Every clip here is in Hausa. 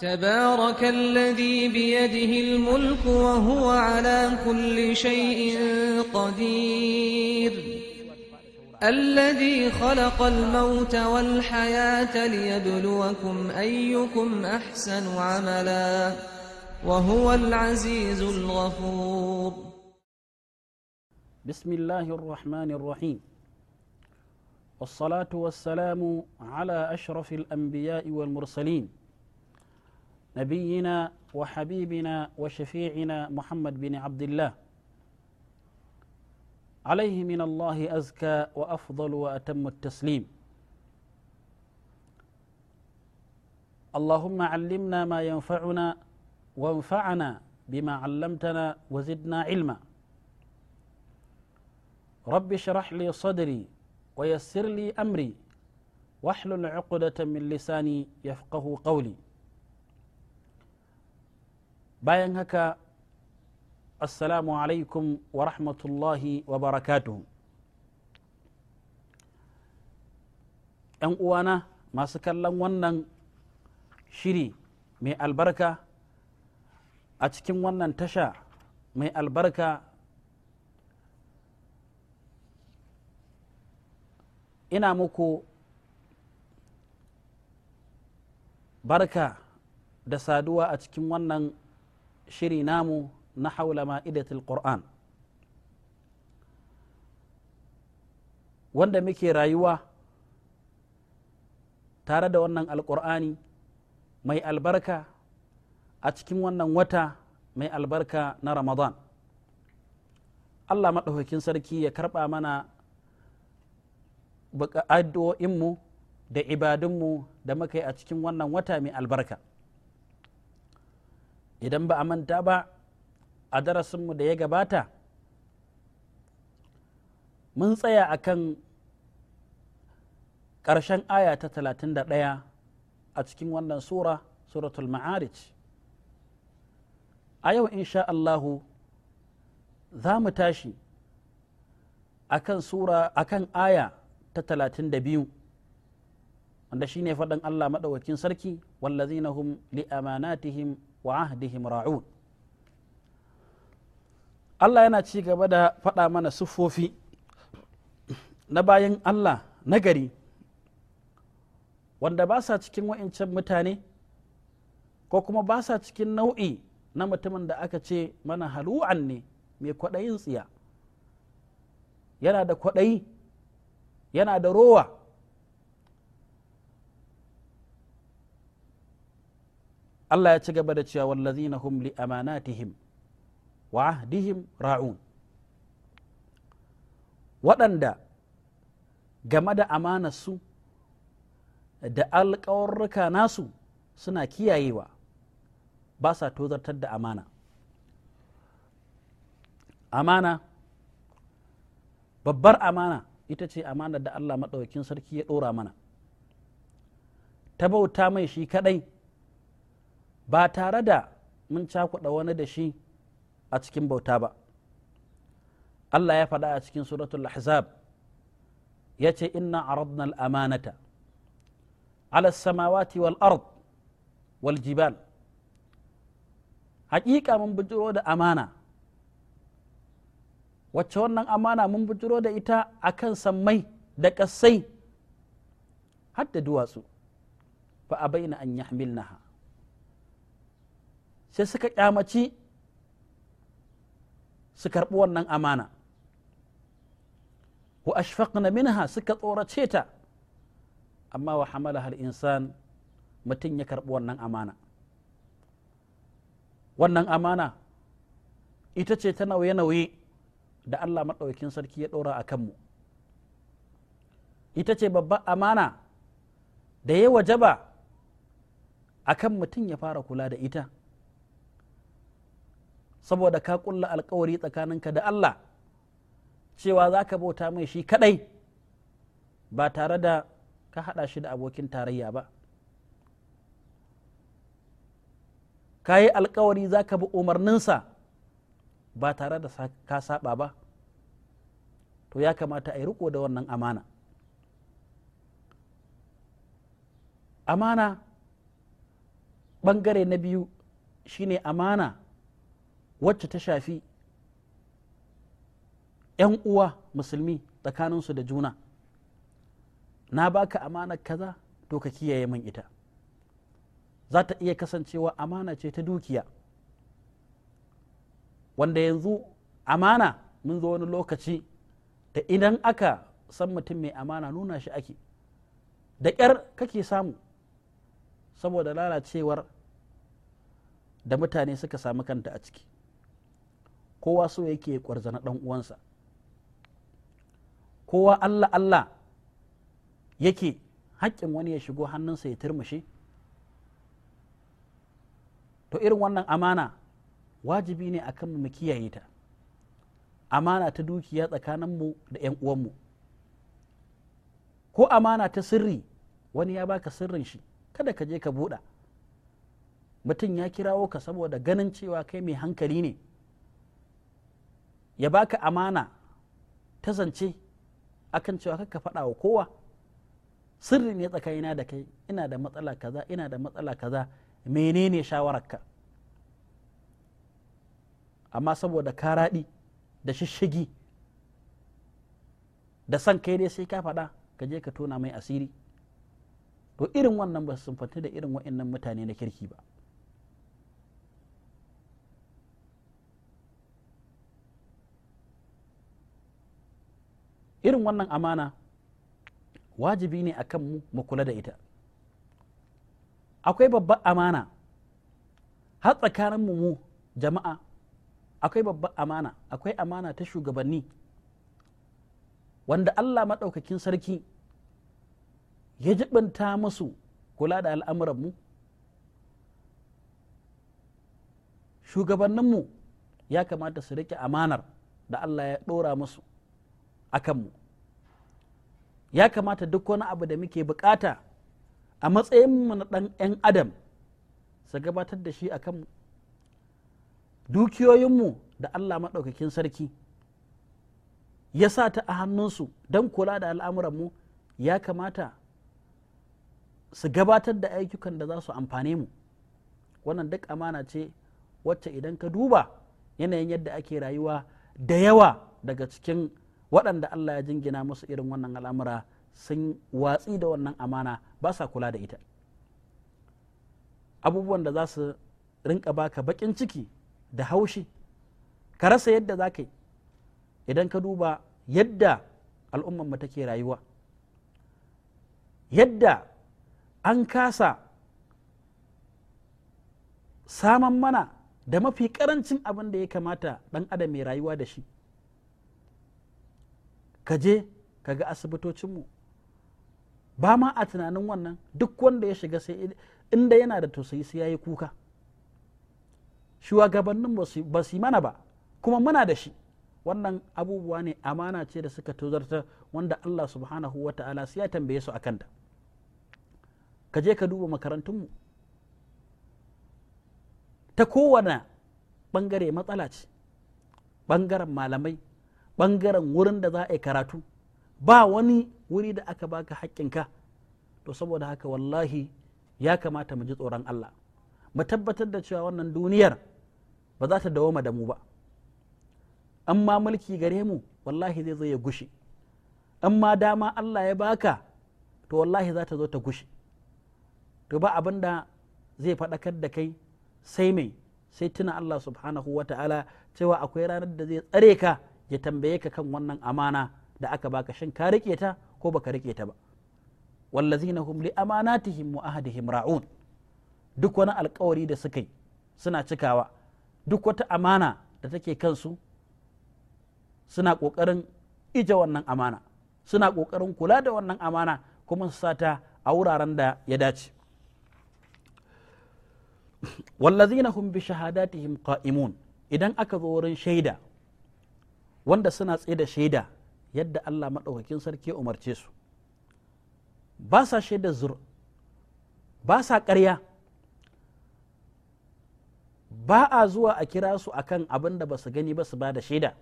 تبارك الذي بيده الملك وهو على كل شيء قدير الذي خلق الموت والحياة ليبلوكم أيكم أحسن عملا وهو العزيز الغفور بسم الله الرحمن الرحيم والصلاة والسلام على أشرف الأنبياء والمرسلين نبينا وحبيبنا وشفيعنا محمد بن عبد الله عليه من الله أزكى وأفضل وأتم التسليم اللهم علمنا ما ينفعنا وانفعنا بما علمتنا وزدنا علما رب اشرح لي صدري ويسر لي أمري واحلل عقدة من لساني يفقه قولي bayan haka assalamu alaikum wa rahmatullahi wa barakatuhu ‘yan uwana masu kallon wannan shiri mai albarka a cikin wannan tasha mai albarka ina muku barka da saduwa a cikin wannan shiri namu na haula ma'idatul qur'an wanda muke rayuwa tare da wannan alƙur'ani mai albarka a cikin wannan wata mai albarka na ramadan allah maɗaukakin sarki ya karɓa mana addu'o'inmu da ibadunmu da muka yi a cikin wannan wata mai albarka idan ba a manta ba a darasinmu da ya gabata mun tsaya a kan ƙarshen aya ta 31 a cikin wannan sura suratul ma'arij a yau insha Allahu za mu tashi a kan aya ta 32 wanda shine faɗin Allah maɗaukakin sarki wallazina hum li amanatihim wa ahdihim ra'un Allah yana ci gaba da faɗa mana siffofi na bayan Allah nagari wanda ba sa cikin wa'incan mutane ko kuma ba sa cikin nau'i na mutumin da aka ce mana halu'an ne mai kwaɗayin tsiya yana da kwaɗayi yana da rowa Allah ya ci gaba da cewa wallazina hum li amanatihim wa ahdihim ra'un waɗanda game da amanarsu da alƙawarruka nasu suna kiyayewa ba sa tozartar da amana amana babbar amana ita ce amanar da Allah maɗaukin sarki ya ɗora mana ta bauta mai shi kaɗai ba tare da mun cakuɗa wani da shi a cikin bauta ba Allah ya faɗa a cikin suratul ahzab ya ce inna aradna al-amanata ala samawati wal ard wal jibal haƙiƙa mun bujuro da amana wacce wannan amana mun bujuro da ita akan sammai da ƙasai har da duwatsu fa abaina an yahmilnaha sai suka kyamaci su karɓi wannan amana wa ashfaqna minha suka tsorace ta amma wa hamala har insan mutum ya karɓi wannan amana wannan amana ita ce ta nauye-nauye da Allah maɗaukin sarki ya ɗora a kanmu ita ce babban amana da ya wajaba a kan mutum ya fara kula da ita saboda ka kulla alkawari tsakaninka da Allah cewa za ka bauta mai shi kadai ba tare da ka haɗa shi da abokin tarayya ba ka yi alkawari za ka bi umarninsa ba tare da ka saba ba to ya kamata a yi riko da wannan amana amana ɓangare na biyu shine amana wacce ta shafi 'yan uwa musulmi tsakaninsu da juna na baka amanar kaza to ka kiyaye min ita za ta iya kasancewa amana ce ta dukiya wanda yanzu amana mun zo wani lokaci da idan aka san mutum mai amana nuna shi ake da ƙyar kake samu saboda lalacewar da mutane suka samu kanta a ciki kowa so yake na ɗan uwansa kowa Allah Allah yake haƙƙin wani ya shigo hannunsa ya turmushe to irin wannan amana wajibi ne akan mu kiyaye ta amana ta dukiya mu da 'yan uwanmu ko amana ta sirri wani ya baka sirrin shi kada ka je ka buɗa mutum ya kirawo ka saboda ganin cewa kai mai hankali ne ya baka amana ta zance akan cewa kaka faɗa wa kowa sirri ne tsakanina da kai ina da matsala kaza ina da matsala kaza menene shawararka amma saboda ka raɗi, da shishigi da san kai dai sai ka faɗa ka je ka tona mai asiri to irin wannan ba su sumfanci da irin wa'annan mutane na kirki ba irin wannan amana wajibi ne akan mu mu kula da ita akwai babbar amana har tsakanin mu mu jama'a akwai babbar amana akwai amana ta shugabanni wanda Allah maɗaukakin sarki ya jibinta musu kula da al'amuranmu shugabanninmu ya kamata su riƙe amanar da Allah ya ɗora musu a kanmu ya kamata duk wani abu da muke bukata a matsayinmu na ɗan 'yan adam su gabatar da shi a kanmu dukiyoyinmu da allah maɗaukakin sarki ya sa ta a hannunsu don kula da al'amuranmu ya kamata su gabatar da ayyukan da za su amfane mu wannan duk amana ce wacce idan ka duba yanayin yadda ake rayuwa da yawa daga cikin waɗanda Allah ya jingina musu irin wannan al'amura sun watsi da wannan amana ba sa kula da ita abubuwan da za su rinka baka baƙin ciki da haushi ka rasa yadda za ka yi idan ka duba yadda mu take rayuwa yadda an kasa saman mana da mafi ƙarancin abin da ya kamata ɗan adam mai rayuwa da shi ka je ka ga asibitocinmu ba ma a tunanin wannan duk wanda ya shiga sai inda yana da tausayi sai ya yi kuka shugabannin ba su mana ba kuma muna da shi wannan abubuwa ne amana ce da suka tozarta wanda Allah subhanahu wa ta'ala sai ya tambaye su akan kanta. ka je ka duba makarantunmu ta kowane bangare matsala ce Bangaren malamai Bangaren wurin da za a yi karatu ba wani wuri da aka baka haƙƙinka to saboda haka wallahi ya kamata mu ji tsoron Allah mu tabbatar da cewa wannan duniyar ba za ta dawoma da mu ba an mulki gare mu wallahi zai zo ya gushi an dama Allah ya baka to wallahi za ta zo ta gushi to ba abin da zai faɗakar da kai sai mai sai tuna Allah subhanahu wa ta'ala cewa akwai ranar da zai tsare ka ya tambaye ka kan wannan amana da aka baka shin ka rike ta ko baka rike ta ba wallazina hum li amanatihim wa ahdihim ra'un duk wani alkawari da suka yi suna cikawa duk wata amana da take kansu suna kokarin ije wannan amana suna kokarin kula da wannan amana kuma su sata a wuraren da ya dace wallazina hum bi shahadatihim qa'imun idan aka zo wurin shaida wanda suna tsaye da shaida yadda Allah maɗaukakin sarki ya umarce su ba sa shaida zur ba sa ƙarya ba a zuwa a kira su akan abin da ba su gani ba su ba da shaida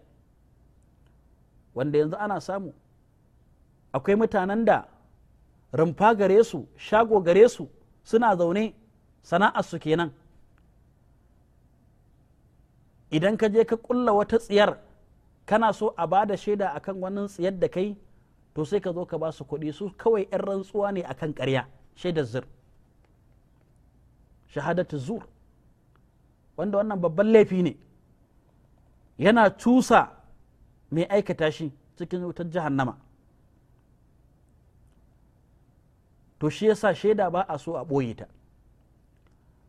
wanda yanzu ana samu akwai mutanen da rumfa gare su shago gare su suna zaune sana'arsu kenan idan ka je ka ƙulla wata tsiyar kana so a ba da shaida akan wannan tsayar da kai to sai ka zo ka ba su kuɗi su kawai 'yan rantsuwa ne a kan ƙarya shaidar zir shahadatu zur wanda wannan babban laifi ne yana cusa mai aikata shi cikin wutar jahannama to shi yasa shaida ba a so a ɓoye ta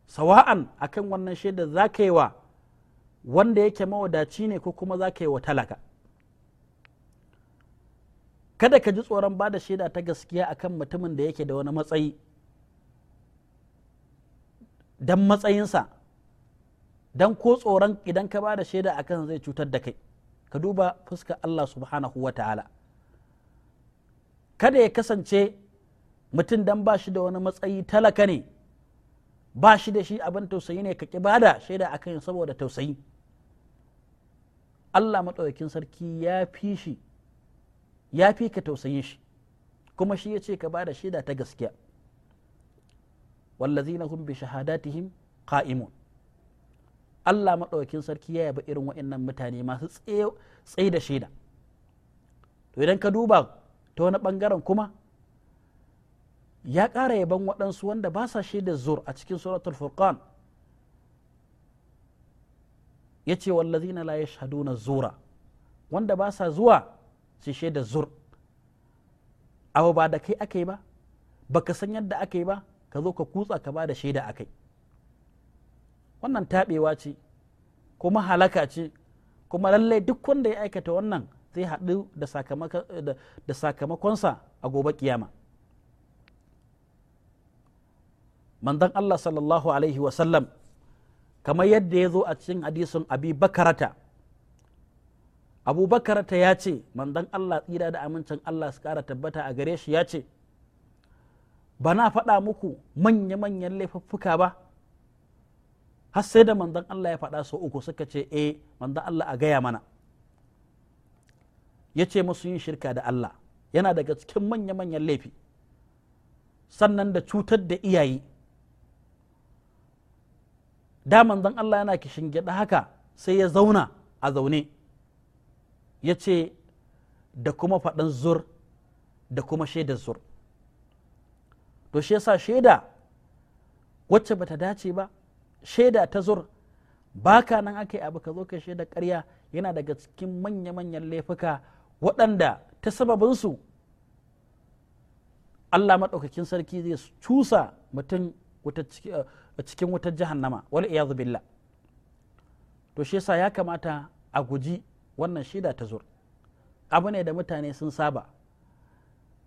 sawa'an akan wannan shaida za ka yi wa wanda yake mawadaci ne ko kuma za ka yi wa talaka kada ka ji tsoron ba da shaida ta gaskiya akan mutumin da yake da wani matsayi don matsayinsa don ko tsoron idan ka ba da shaida akan zai cutar da kai ka duba fuska Allah subhanahu wa ta'ala kada ya kasance mutum don ba shi da wani matsayi talaka ne ba shi da shi abin tausayi ne ka ƙi bada shaida akan saboda tausayi Allah maɗaukakin sarki ya fi shi ya fi ka tausayin shi kuma shi ya ce ka bada shaida ta gaskiya wallazina hum bi shahadatihim qa'imun Allah maɗaukakin sarki ya yaba irin wa'annan mutane masu tsaye da shaida to idan ka duba ta wani ɓangaren kuma ya ƙara yaban waɗansu wanda ba sa shaida zur a cikin suratul furqan ya ce wallazina la na zura wanda ba sa zuwa su shaida zur abu ba da kai aka yi ba ka san yadda aka yi ba ka zo ka kutsa ka ba da shaida yi wannan taɓewa ce kuma halaka ce kuma lallai duk wanda ya aikata wannan zai haɗu da sakamakonsa a gobe kiyama manzon Allah sallallahu alaihi wasallam kamar yadda ya zo a cikin hadisin abi bakarata abu bakarata ya ce manzon allah tsira da amincin allah su kara tabbata a gare shi ya ce ba na faɗa muku manya-manyan laifuffuka ba har sai da manzon allah ya faɗa sau uku suka ce eh manzon allah a gaya mana ya ce musu yin shirka da allah yana daga cikin manya-manyan laifi sannan da cutar da iyaye da manzon Allah yana kishin gida haka sai ya zauna a zaune ya ce da kuma faɗan zur da kuma shaidar zur to shi yasa shaida wacce bata dace ba shaida ta zur baka nan aka yi abu ka zo ka shaida ƙarya yana daga cikin manya-manyan laifuka waɗanda ta su Allah maɗaukakin sarki zai cusa mutum Eh, cikin wutar jahannama wal iyadu billah to shi yasa ya kamata a guji wannan shida ta zur abu ne da mutane sun saba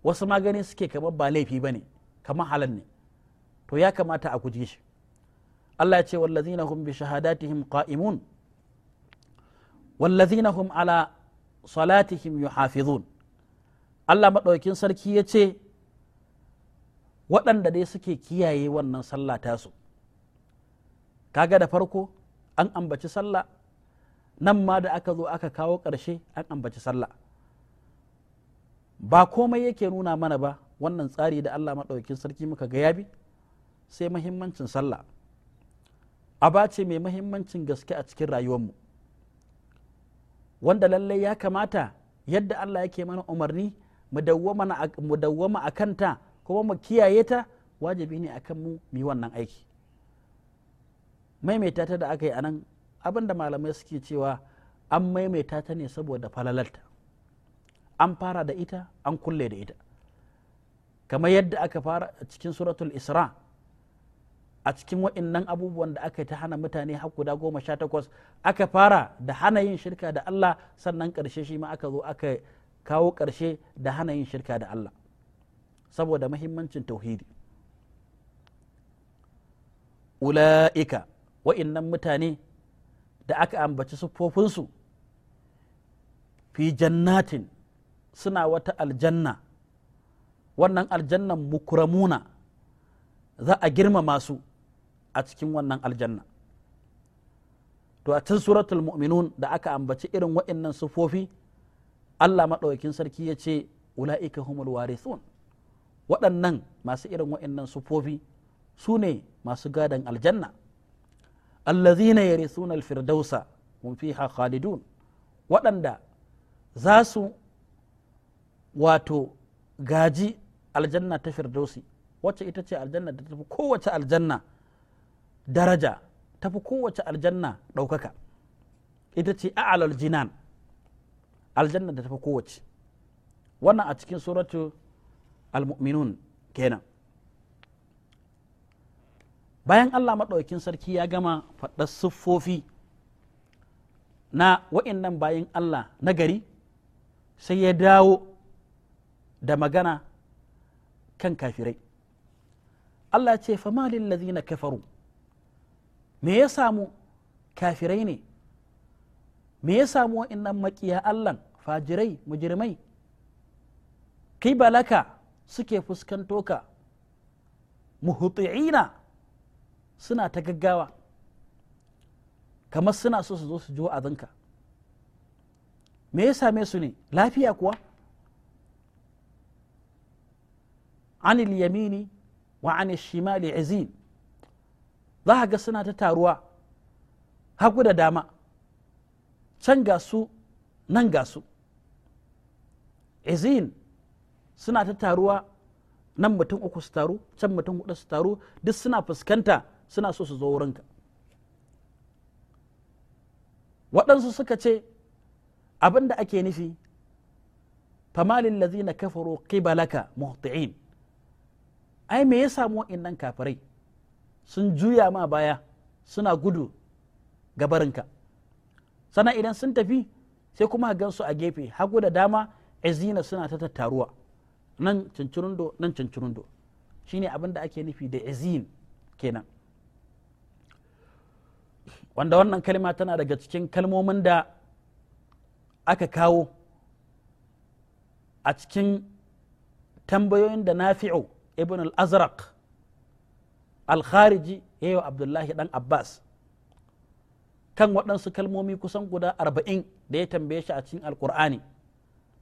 wasu magani suke kamar ba laifi ba ne kamar halal ne to ya kamata a guji shi Allah ya ce wallazina hum bi shahadatihim qa'imun wallazina hum ala salatihim yuhafizun Allah maɗaukin sarki ya ce waɗanda dai suke kiyaye wannan sallah tasu kaga da farko an ambaci sallah nan ma da aka zo aka kawo ƙarshe an ambaci sallah ba komai yake nuna mana ba wannan tsari da Allah maɗaukin sarki muka ga ya bi? sai mahimmancin sallah aba ce mai mahimmancin gaske a cikin rayuwarmu wanda lallai ya kamata yadda Allah yake mana umarni mu dawwama a kanta kuma mu kiyaye ta wajibi ne a mu mu wannan aiki maimaita ta da aka yi anan abin da malamai suke cewa an maimaita ta ne saboda falalarta an fara da ita an kulle da ita kamar yadda aka fara cikin suratul isra a cikin waɗannan abubuwan da aka yi ta hana mutane har guda goma sha takwas aka fara da hana yin shirka da Allah sannan ƙarshe shi ma aka zo aka kawo ƙarshe da hana yin shirka da Allah saboda mahimmancin tauhidi ula'ika wa'innan mutane da aka ambaci siffofinsu fi jannatin suna wata aljanna wannan aljannan mukramuna za a girmama su a cikin wannan aljanna to a cikin suratul mu'minun da aka ambaci irin wa'innan siffofi Allah maɗaukin sarki ya ce ula'ika humul warithun waɗannan masu irin waɗannan sufofi su ne masu gadon aljanna allazina yarisuna alfirdausa mun fi khalidun waɗanda za su wato gaji aljanna ta firdausi wacce ita ce aljanna da tafi kowace aljanna daraja tafi kowace aljanna ɗaukaka ita ce a'alal jinan aljanna da tafi kowace wannan a cikin suratu almu'minun kenan bayan Allah maɗaukin sarki ya gama faɗar siffofi na wa'annan bayan Allah na gari sai ya dawo da magana kan kafirai Allah ce fama na kafaru me ya samu kafirai ne me ya samu wa'innan maƙiya Allah fajirai mujirmai kai balaka suke fuskanto ka muhuti'ina suna ta gaggawa kamar suna so su zo su ji azanka me ya same su ne lafiya kuwa An yamini wa an shimali azin za ga suna ta taruwa hagu da dama can ga su nan gasu su suna ta taruwa nan mutum uku su taru can mutum hudu su taru duk suna fuskanta suna so su zo wurinka waɗansu suka ce abin da ake nufi famalin na kafaro kibalaka muhti'in ai me ya samu nan kafirai sun juya ma baya suna gudu gabarinka sana idan sun tafi sai kuma gansu a gefe hagu da dama izina suna ta tattaruwa nan cincirundo nan cincirundo shine abin da ake nufi da izin kenan wanda wannan kalma tana daga cikin kalmomin da aka kawo a cikin tambayoyin da nafi'u ibn al-azraq al-khariji yayo abdullahi dan abbas kan waɗansu kalmomi kusan guda arba'in da ya tambaye shi a cikin al alkur'ani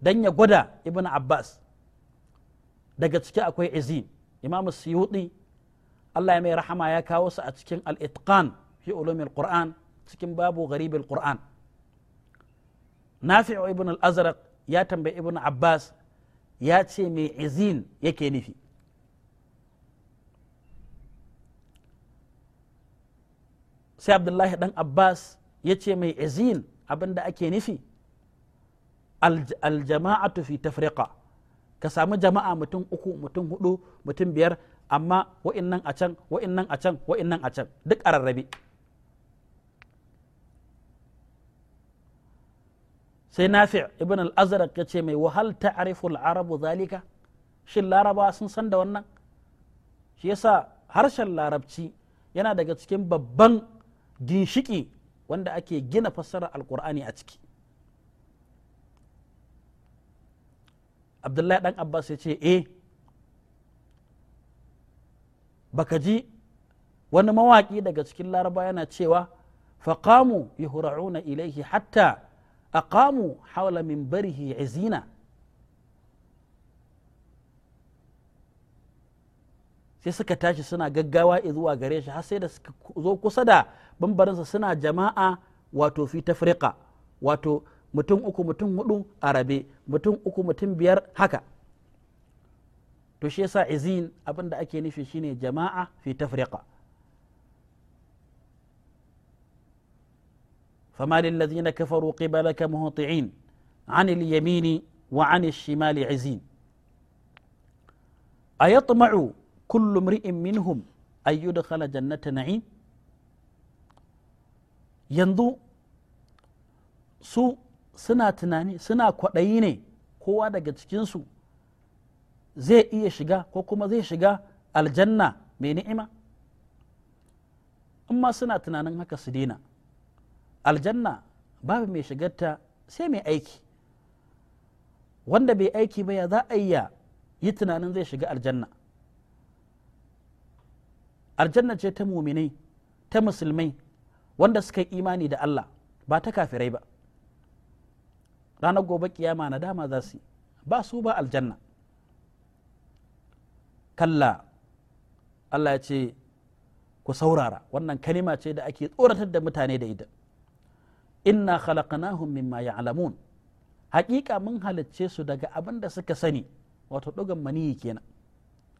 Dan ya gwada ibn abbas daga ciki akwai izin imamu suyuɗi Allah ya mai rahama ya kawo su a cikin alitkan fi ulumil qur'an cikin babu gharibil qur'an nafi'u ibn al-azraq ya tambayi ibn abbas ya ce mai izin yake nufi sai abdullahi dan abbas ya ce mai izin abinda ake nufi aljama'atu fi tafriqa ka samu jama'a mutum uku mutum hudu mutum biyar amma wa'innan a can wa'innan a can wa'innan a can duk a rarrabe sai nafi ibn al-azraq ya ce mai wahal ta'rifu al-arabu zalika shin laraba sun san da wannan shi yasa harshen larabci yana daga cikin babban ginshiki wanda ake gina fassarar alkur'ani a ciki abdullahi ɗan abbas ya ce e baka ji wani mawaƙi daga cikin laraba yana cewa faƙamu hurauna ilaihi hatta aqamu hawla minbarihi izina sai suka tashi suna gaggawa zuwa gare shi har sai da suka zo kusa da bambaransa suna jama'a wato fi tafriqa wato mutum uku mutum hudu a rabe mutum uku mutum biyar haka to shi yasa izin abin da ake nufi shine jama'a fi tafriqa فما للذين كفروا قبلك مهطعين عن اليمين وعن الشمال عزين أيطمع كل امرئ منهم أن يدخل جنة نعيم ينظر su suna tunani suna kwaɗayi ne kowa daga cikinsu zai iya shiga ko kuma zai shiga aljanna mai ni'ima in ma suna tunanin haka su dina aljanna babu mai shigarta sai mai aiki wanda bai aiki ba ya za a iya yi tunanin zai shiga aljanna aljanna ce ta muminai ta musulmai wanda suka yi imani da Allah ba ta kafirai ba ranar gobe kiyama na dama za su ba su ba aljanna kalla Allah ya ce ku saurara wannan kalima ce da ake tsoratar da mutane da ita inna khalaqnahum mimma ya'lamun haƙiƙa mun halicce su daga abin da suka sani wato ɗugan maniyi kenan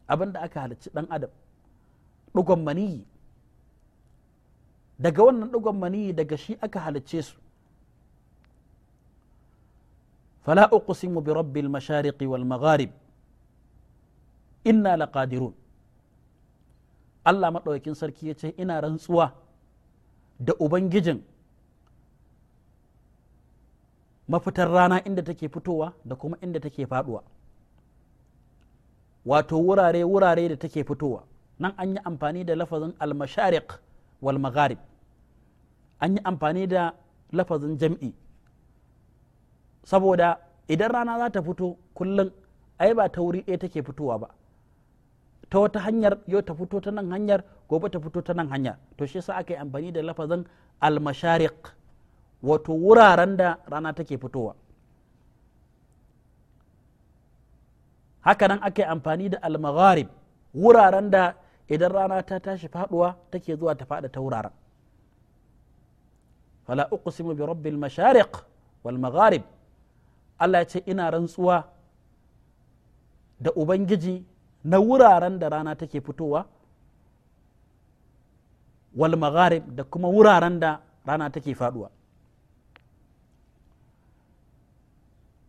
abin da aka halicci ɗan adam ɗugan maniyi daga wannan ɗugan maniyi daga shi aka halicce su fala uqsimu bi rabbil mashariqi wal magharib inna laqadirun Allah maɗaukin sarki ya ce ina rantsuwa da ubangijin mafitar rana inda take fitowa da kuma inda take faduwa wato wurare wurare da take fitowa nan an yi amfani da lafazin al-mashariq wal magharib an yi amfani da lafazin jam'i saboda idan rana za ta fito kullum ai ba ta wuri ɗaya take fitowa ba ta wata hanyar yau ta fito ta nan hanyar gobe ta fito ta nan hanyar to shi yasa aka yi amfani da lafazin almashariq wato wuraren da rana take fitowa hakanan aka yi amfani da almagharib wuraren da idan rana ta tashi faduwa take zuwa ta fada ta wuraren fala uqsimu bi rabbil mashariq wal magharib Allah ya ce ina rantsuwa da ubangiji na wuraren da rana take fitowa wal magharib da kuma wuraren da rana take faduwa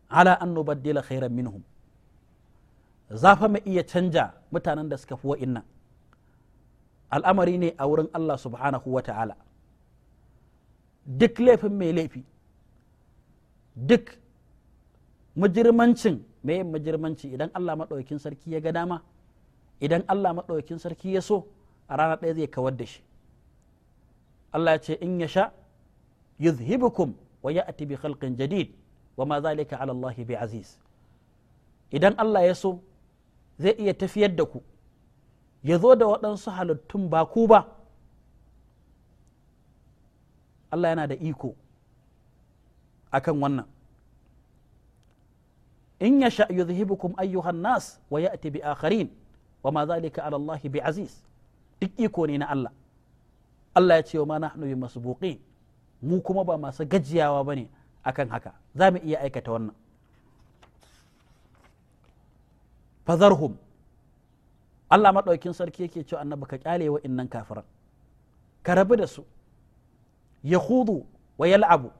ala an nubaddila khairan minhum za fa mu iya canja mutanen da suka fi wa'innan al'amari ne a wurin Allah subhanahu wa ta'ala duk laifin mai laifi duk mujirmancin me mujirmanci idan Allah maɗaukin sarki ya ga dama idan Allah maɗaukin sarki ya so a rana ɗaya zai kawar da shi Allah ya ce in ya sha yuzhibukum wa ya'ti bi khalqin jadid wa ma zalika ala Allah bi aziz idan Allah ya so zai iya tafiyar da ku ya zo da waɗansu halittun ba ku ba Allah yana da iko akan wannan in yasha yuzhibukum ayyuhan nas wa ya'ti bi akharin wa ma zalika ala Allah bi aziz duk iko ne na Allah Allah ya ce wa ma nahnu bi masbuqin mu kuma ba masu gajiyawa bane akan haka za mu iya aikata wannan fazarhum Allah maɗaukin sarki yake cewa annabi ka kyale wa innan kafiran ka rabu da su ya hudu wa yal'abu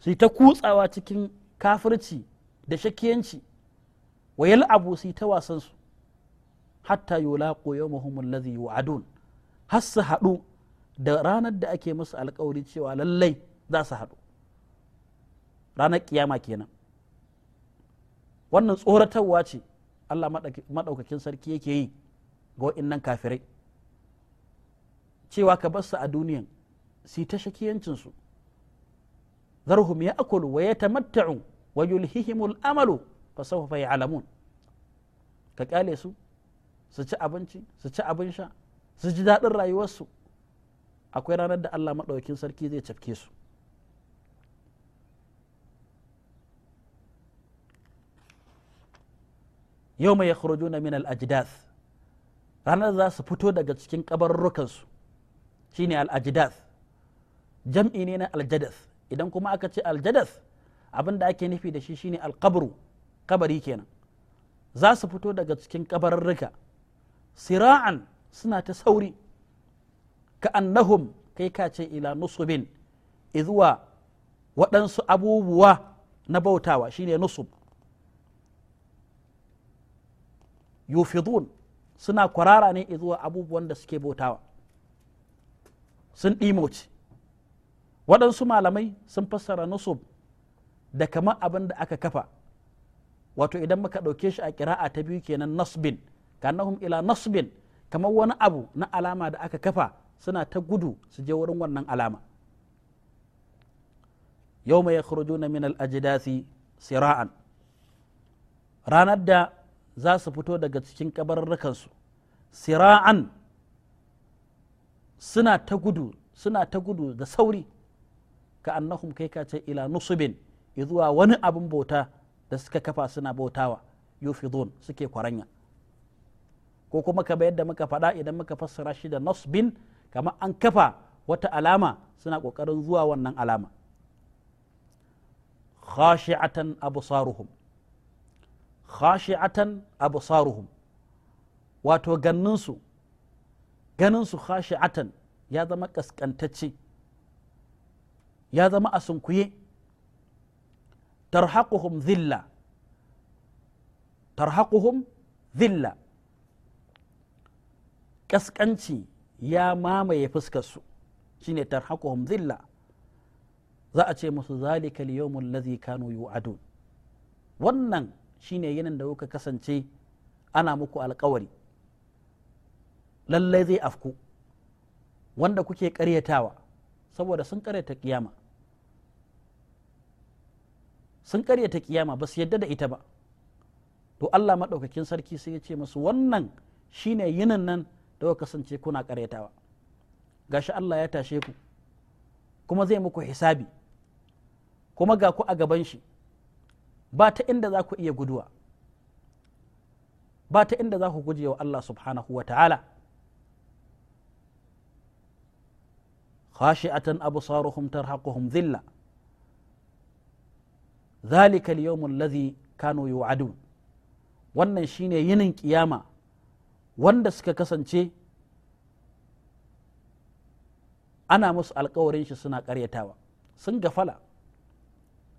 su ta kutsawa cikin kafirci da shakiyanci wa yal'abu su ta wasan su hatta yulaqu yawmuhum allazi yu'adun har su haɗu da ranar da ake musu alkawari cewa lallai za su haɗu ranar kiyama kenan wannan tsoratarwa ce Allah maɗaukakin sarki yake yi ga wa'innan kafirai cewa ka bar su a duniyan su ta shakiyancinsu zarhum ya akulu wa ya wa yulhihimul amalu fa sawfa ya'lamun ka kyale su su ci abinci su ci abin sha su ji daɗin rayuwarsu akwai ranar da Allah maɗaukin sarki zai cafke su yau mai yakhrujuna min al-ajdath ranar za su fito daga cikin kabarrukansu shine al-ajdath jam'i ne na al idan kuma aka ce al abin da ake nufi da shi shine alqabru kabari kenan za su fito daga cikin kabararruka sira'an suna ta sauri ka annahum kai ka ce ila nusubin izuwa waɗansu abubuwa na bautawa shine nusub yufidun suna kwarara ne izuwa abubuwan da suke bautawa sun ɗimoci waɗansu malamai sun fassara nusub da kamar abin da aka kafa wato idan muka ɗauke shi a kira'a ta biyu kenan nasbin kannahum ila nasbin kamar wani abu na alama da aka kafa suna ta gudu su je wurin wannan alama yau mai yakhrujuna min minal ajidasi sira'an ranar da za su fito daga cikin kabarurrukansu sira'an suna ta gudu suna ta gudu da sauri ka annahum kai ka ce ila nusubin zuwa wani abin bauta da suka kafa suna bautawa yufidun suke kwaranya ko kuma kamar yadda muka faɗa idan muka fassara shi da nasbin kamar an kafa wata alama suna ƙoƙarin zuwa wannan alama khashi'atan absaruhum khashi'atan absaruhum wato ganninsu ganinsu khashi'atan ya zama kaskantacce ya zama a sunkuye tarhaquhum dhilla tarhaquhum dhilla kaskanci ya mamaye fuskarsu shine tarhaquhum dhilla za ce musu zalika al ladhi kanu yu'adun wannan shine yinin da kuka kasance ana muku alkawari lallai zai afku wanda kuke karyatawa saboda sun karyata kiyama sun karyata kiyama ba su yadda da ita ba to Allah maɗaukakin sarki sai ya ce masu wannan shine yinin nan da kuka kasance kuna karyatawa gashi Allah ya tashe ku kuma zai muku hisabi kuma ga ku a gaban shi ba ta inda za ku iya guduwa ba ta inda za ku guje wa Allah subhanahu wa ta'ala khashi'atan absaruhum tarhaquhum dhilla zalikal yawmul ladhi kanu yu'adun wannan shine yinin kiyama wanda suka kasance ana musu alkawarin shi suna karyatawa sun gafala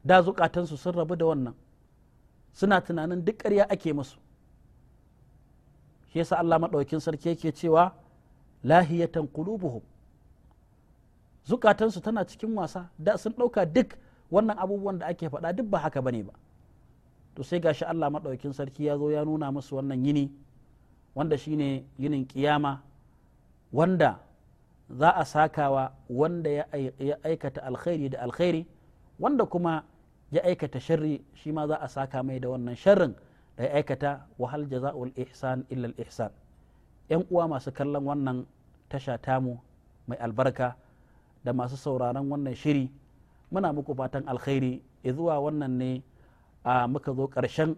da zukatansu sun rabu da wannan suna tunanin duk ƙarya ake musu yasa Allah maɗaukin sarki yake cewa lahiyatan qulubuhum zukatansu tana cikin wasa da sun ɗauka duk wannan abubuwan da ake faɗa duk ba haka bane ba to sai gashi Allah maɗaukin sarki ya zo ya nuna musu wannan yini wanda shine yinin kiyama wanda za a sakawa wanda ya aikata alkhairi da alkhairi wanda kuma ya aikata sharri shi ma za a saka mai da wannan sharrin da ya aikata wahal jaza'ul ihsan illa ihsan yan uwa masu kallon wannan tasha tamu mai albarka da masu sauraron wannan shiri muna muku fatan alkhairi zuwa wannan ne a muka zo ƙarshen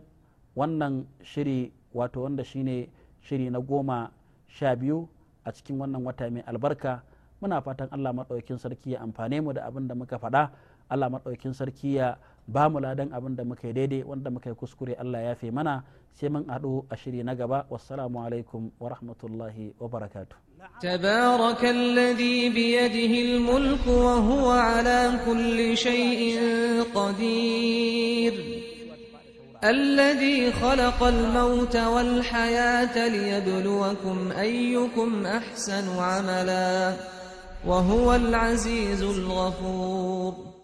wannan shiri wato wanda shine shiri na goma sha biyu a cikin wannan wata mai albarka muna fatan allah maɗaukin sarki ya amfane mu da abin da muka faɗa Allah maɗaukin sarki ya ba mu ladan abin da muka yi daidai wanda muka yi kuskure Allah ya fi mana sai mun haɗu a shiri na gaba wassalamu alaikum wa rahmatullahi wa barakatu تبارك الذي بيده الملك وهو على كل شيء قدير الذي خلق الموت والحياة ليبلوكم أيكم أحسن عملا وهو العزيز الغفور